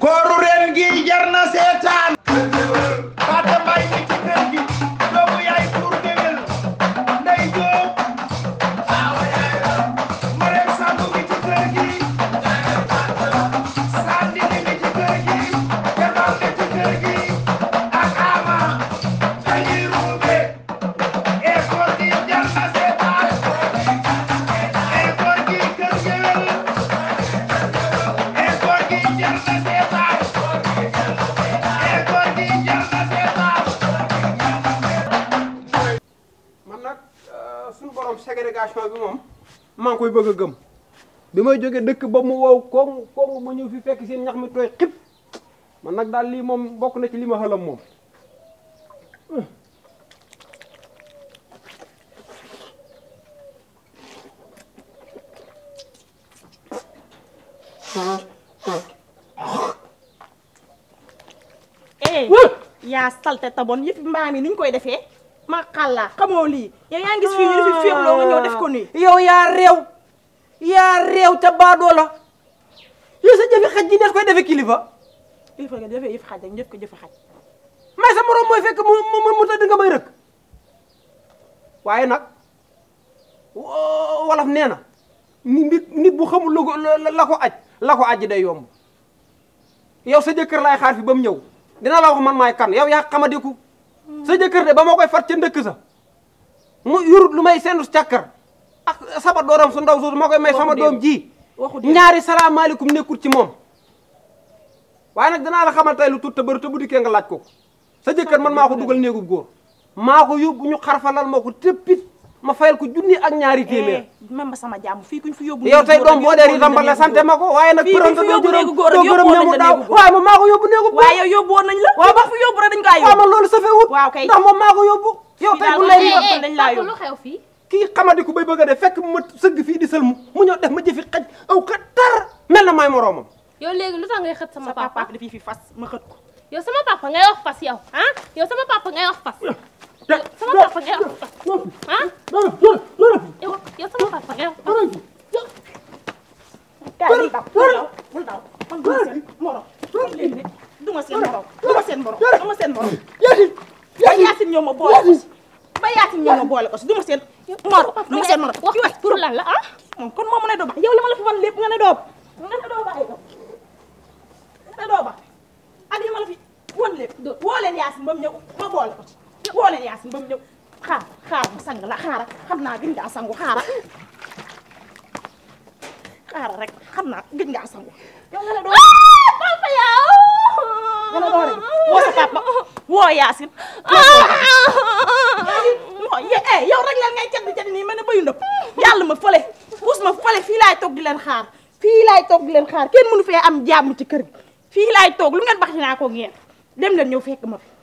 kooru ren gi jar na seeta ségrégation bi moom maa koy bëgg a gëm bi may jógee dëkk ba mu wow koŋŋ koŋŋ ma ñëw fi fekk seen ñax mi tooy xib man nag daal lii moom bokk na ci li ma xalam moom eh, yaa salte tabon yëpp mbaam yi ni koy defee maqalla xamoo lii yow yaa ngi gis fii ñu fi féexloo nga ñëw def ko nii yow yaa réew yaa réew te baadoo la yow sa jëfi xaj ji des ko defe kilifa kilifa nga defee yëf ko jëfe xaj sa morom mooy fekk mu mu mu tëdd nga may rëkk waaye nag wolof nee na nit nit bu xamul la la ko aj la ko aj day yomb yow sa jëkkër laay xaar fi ba mu ñëw dina la wax man maay kan yow yaa xamadiku sa jëkkër de ba ma koy far ca ndëkk sa mu yurut lu may seenus càkkar ak sama dooram su ndaw soosu ma koy may sama doom ji ñaari salaamaaleykum nekkul ci moom waaye nag danaa la xamal lu tut te bëri te bu nga laaj ko sa jëkkër man maa ko dugal néegub góor maa ko yóbbu ñu xarfalal moo ko tëppit ma fayal ko junni ak ñaari eh, téeméer. même ba sama jàmm fii kuñ doom boo dee riitam la sante ma waaye nag. fii kuñ fi yóbbu néegu góor ak yóbbu woon nañ la néegu góor waaye moom maa ko yóbbu la. waaw ba fi yóbbu rek dañ kaa yóbbu. waaw man loolu safee wut. waaw kay ndax moom maa ko yóbbu. yow tey bu lay fii. Eh, ku bay bëgg a fekk ma sëgg fii di sël mu ñëw def ma jëfi xaj aw ka tar mel na maay moroomam. yow léegi lu tax ngay xët sama papa dafii fi fas ma xët ko yow sama papa ngay wax fas yow ah yow sama papa kaw man du ma seen morom xam du ma seen morom du ma seen morom du seen morom ba yaasin boole ko si ba yaasin ñoo ma boole ko si du ma seen morom du seen morom wax pour lan la ah moom kon moo mën a doob yow li ma la fi wan lépp nga ne doob nga ne ma la fi wan lépp woo leen yaasin ba mu ñëw ma boole ko si woo yaasin ba mu ñëw xaar xaar mu sang la xaara xam naa gën ngaa sangu xaara xaara rek xam naa gën ngaa sangu yow nga ne doo papa yow. woo sa papa woo Yacine. non yow rek leen ngay jënd jënd nii a ne bayu ndëpp yàlla ma fële puus ma fële fii laay toog di leen xaar fii laay toog di leen xaar kenn mënu fee am jàmm ci kër fii laay toog lu ngeen bax dinaa ko ngeen dem ñëw fekk ma